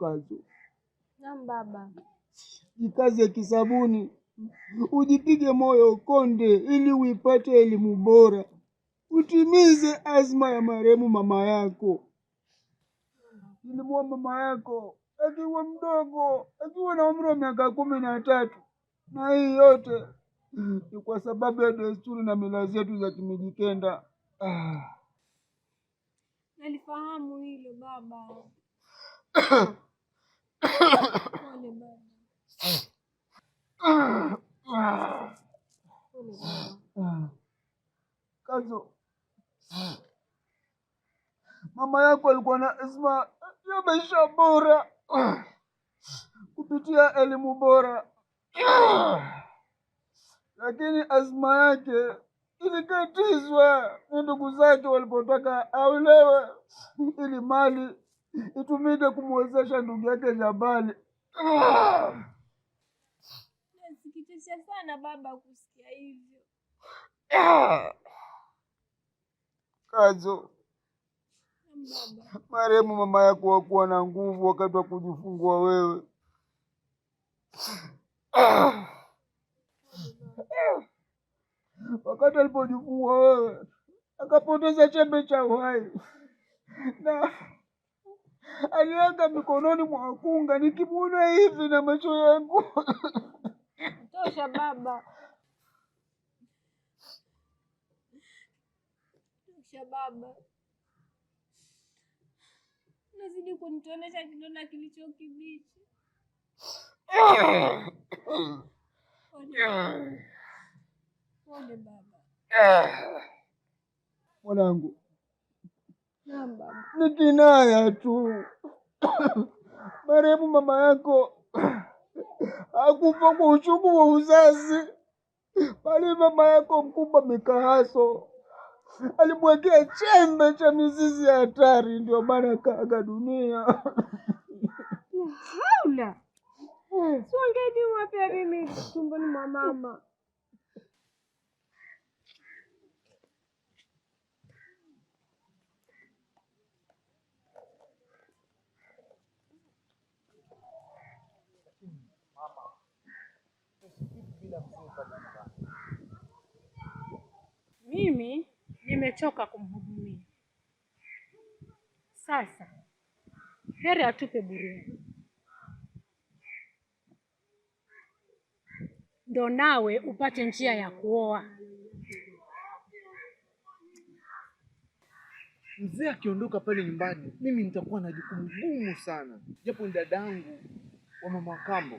mkazo. Naam baba. Jikaze kisabuni, ujipige moyo ukonde, ili uipate elimu bora, utimize azma ya marehemu mama yako. Nilimwona mama yako akiwa mdogo, akiwa na umri wa miaka kumi na tatu, na hii yote ni kwa sababu ya desturi na mila zetu za Kimijikenda. Ah. Nalifahamu hilo baba. Kazo, mama yako alikuwa na azma ya maisha bora kupitia elimu bora, lakini azma yake ilikatizwa na ndugu zake walipotaka aulewe ili mali itumike kumwezesha ndugu yake Jabali. Nasikitisha sana baba kusikia hivyo. Kazo, marehemu mama yako hakuwa na nguvu wakati wa kujifungua wewe. Wakati alipojifungua wewe akapoteza chembe cha uhai na aliweka mikononi mwa wakunga, nikimwona hivi na macho yangu. Tosha baba, tosha baba, nazidi kunitonesha kidonda kilicho kibichi. baba, mwanangu ni kinaya tu. Marehemu mama yako hakufa kwa uchungu wa uzazi, bali mama yako mkubwa Mikahaso alimwekea chembe cha mizizi ya hatari, ndio maana kaaga dunia. Haula eh. siongeni wapi mimi tumboni mwa mama Mimi nimechoka kumhudumia. Sasa heri atupe bure, ndo nawe upate njia ya kuoa. Mzee akiondoka pale nyumbani, mimi nitakuwa na jukumu gumu sana, japo ni dadangu wa mama kambo.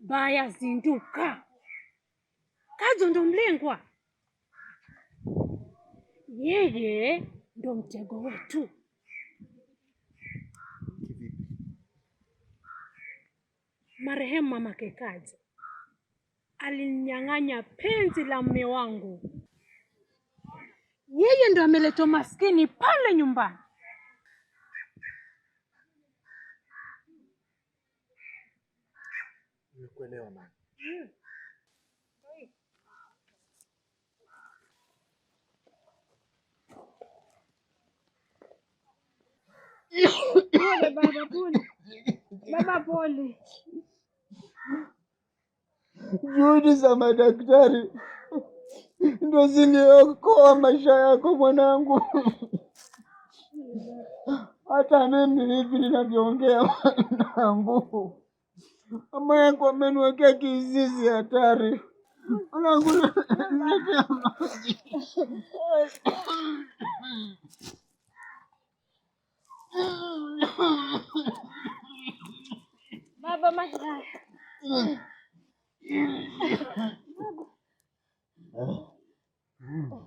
Baya zinduka, Kadzo ndo mlengwa, yeye ndo mtego wetu. Marehemu mama Kadzo alinyang'anya penzi la mme wangu, yeye ndo ameleta maskini pale nyumbani Nimekuelewa mama. Pole baba, pole. Baba pole. Juhudi za madaktari ndo ziliokoa maisha yako mwanangu. Hata mimi hivi ninavyoongea mwanangu Mama yangu ameniwekea kizizi hatari. Ananguniletea maji. Baba maji haya. Eh? Baba. Hmm.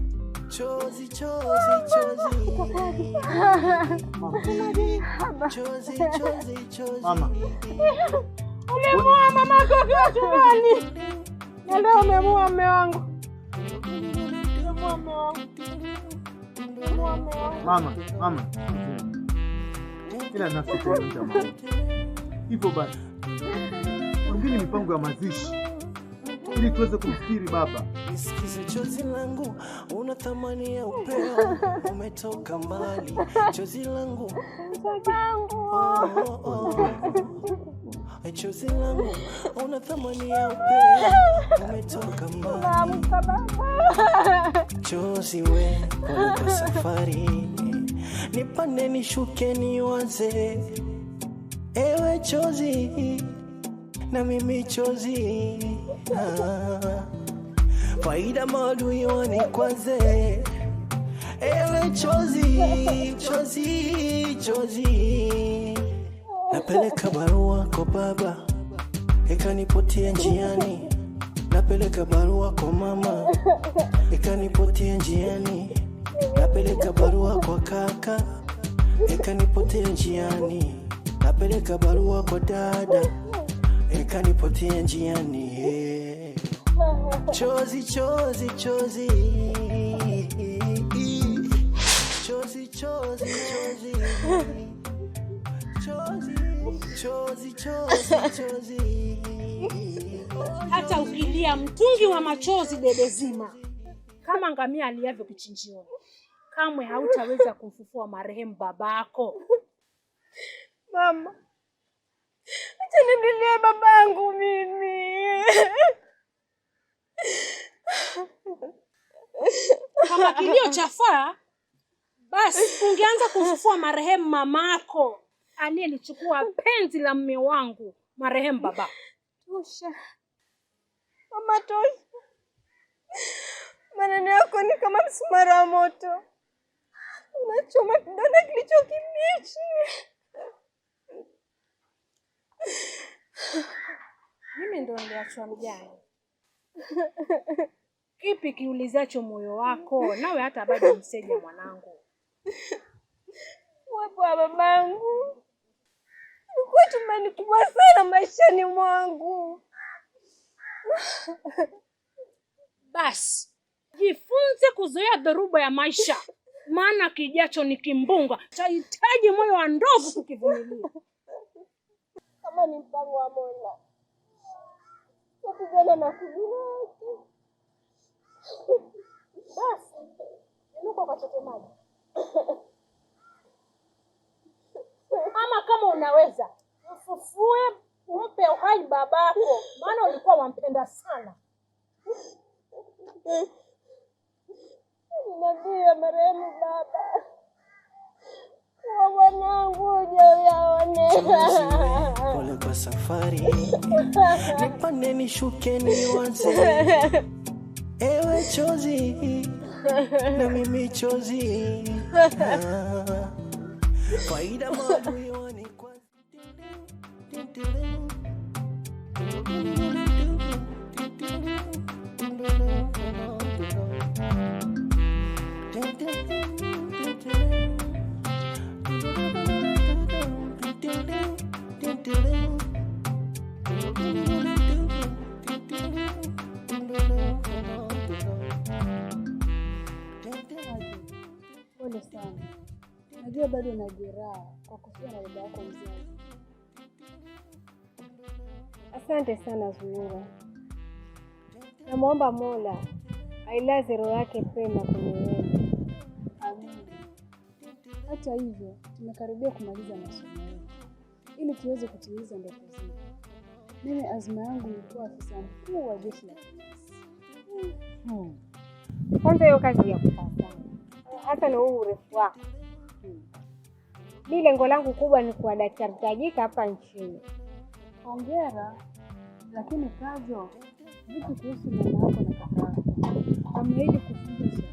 chozi chozi chozi chozi chozi chozi. Mama mama yako chumbani, na leo umemua mme wangu. Mama, mama, ila nafikiria basi wengine mipango ya mazishi ili tuweze kufikiri. Baba, nisikize, chozi langu una thamani oh, oh, oh. ya upeo, umetoka mbali, chozi langu Chozi langu una thamani ya upeo, umetoka mbali, chozi we kwa safari, nipande nishuke, niwaze, ewe chozi na mimi chozi ah, faida maadui kwaze ewe chozi chozi chozi napeleka barua kwa baba ikanipotia njiani napeleka barua kwa mama ikanipotia njiani napeleka barua kwa kaka ikanipotea njiani napeleka barua kwa dada kanipotea njiani, eh. chozi chozi chozi chozi chozi chozi chozi chozi chozi hata ukilia mtungi wa machozi debe zima kama ngamia aliavyo kichinjioni, kamwe hautaweza kumfufua marehemu babako mama baba yangu mimi. Kama kilio cha faa, basi ungeanza kumfufua marehemu mamako aliyelichukua penzi la mme wangu marehemu baba. Tosha mama, tosha. Maneno yako ni kama msumara wa moto, unachoma kidonda kilicho kibichi. ndio niliachwa mjane. Kipi kiulizacho moyo wako? Nawe hata bado mseja mwanangu. Uwepo wa babangu ulikuwa tumaini kubwa sana maishani mwangu. Basi jifunze kuzoea dhoruba ya maisha, maana kijacho ni kimbunga, tahitaji moyo wa ndovu kukivumilia. Kama ni mpango wa Mola kupigana na kuduraki. Basi inuka ukachote maji ama kama unaweza mfufue, umpe uhai babako, maana ulikuwa wampenda sana. Nabii wa marehemu baba pole kwa safari, nipande nishuke niwaze, ewe chozi na mimi chozi faida moyoni kwa Najua bado na jeraha kwa kufia na baba yako mzazi. Asante sana Zuhura, namwomba Mola ailaze roho yake pema kwenye wewe. Amina. Hata hivyo, tumekaribia kumaliza masomo yetu ili tuweze kutimiza ndoto zetu. Mimi azma yangu ni kuwa afisa mkuu wa jeshi la polisi. Hmm. Hmm. Kwanza hiyo kazi ya kupata hata na huu urefu wako Mi lengo langu kubwa ni kuwa daktari tajika hapa nchini. Hongera, lakini Kazo, vipi kuhusu mama yako na kaka yako? Ameahidi kufundisha.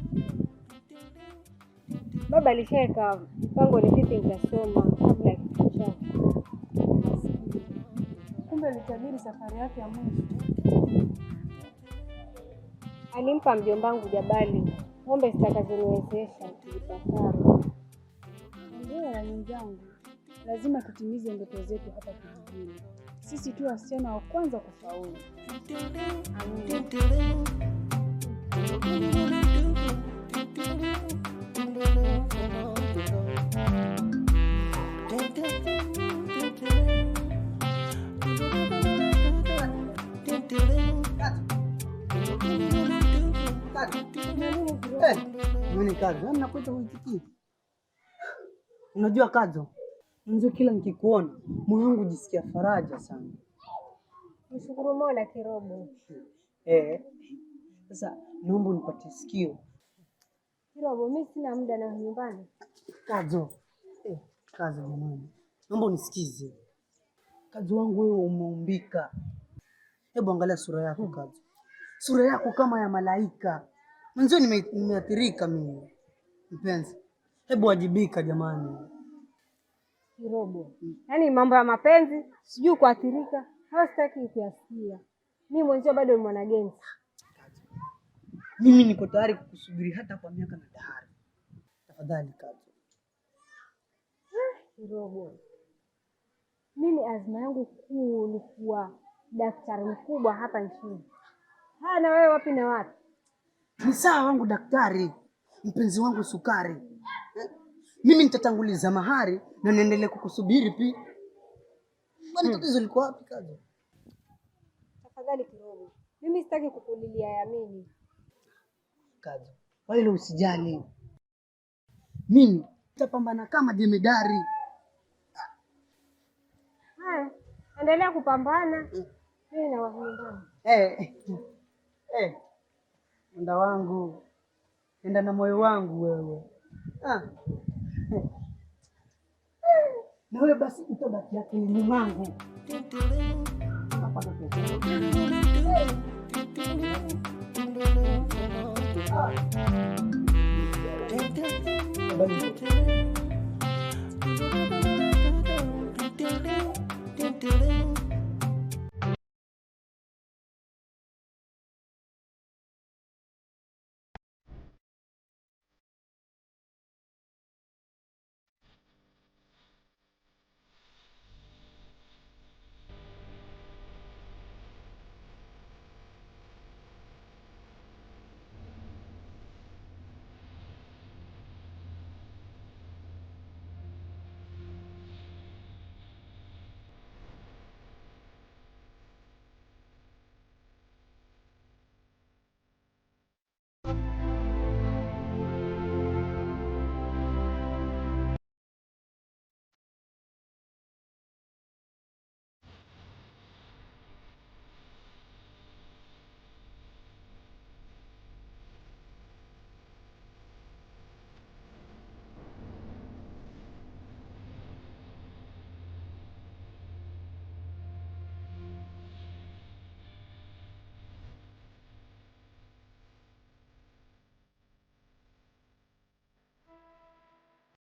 Baba alishaweka mpango, ni vipi nitasoma kabla ya kifo chake. Kumbe alitabiri safari yake ya mwisho. Alimpa mjombangu Jabali ng'ombe zitakaziniwezesha kujipakara mimi na wenzangu lazima tutimize ndoto zetu hapa kijijini. Sisi tu wasichana wa kwanza kufaulu. Amin. Unajua Kadzo, mzo kila nikikuona moyo wangu jisikia faraja sana. Mshukuru Mola kirobo. Eh. Sasa naomba nipate sikio. Kirobo, mimi sina muda na nyumbani. Kadzo. Eh, Kadzo jamani. Naomba unisikize. Kadzo wangu wewe umeumbika. Hebu angalia sura yako hmm. Kadzo. Sura yako kama ya malaika. Mwanzo nimeathirika mimi. Mpenzi, Hebu wajibika jamani, Kirobo. Yaani mambo ya mapenzi sijui kuathirika, hawa sitaki kuyasikia. Mimi mwenzio bado ni mwanagenzi. Mimi niko tayari kukusubiri hata kwa miaka na dahari. Tafadhali Katu. Eh, Kirobo, mimi azma yangu kuu ni kuwa daktari mkubwa hapa nchini. Haya, na wewe wapi na wapi? Ni sawa wangu daktari, mpenzi wangu sukari mimi nitatanguliza mahari na niendelee kukusubiri pia. Kwani hmm. tatizo liko wapi kaza? Tafadhali kidogo. Mimi sitaki kukulilia ya mimi. Kwa Wala usijali. Mimi nitapambana kama jemedari. Haya, endelea kupambana. Hmm. Mimi na wahundani. Eh. Eh. eh. Munda wangu. Enda na moyo wangu wewe. Ah. Na wewe basi utabaki akilini mwangu.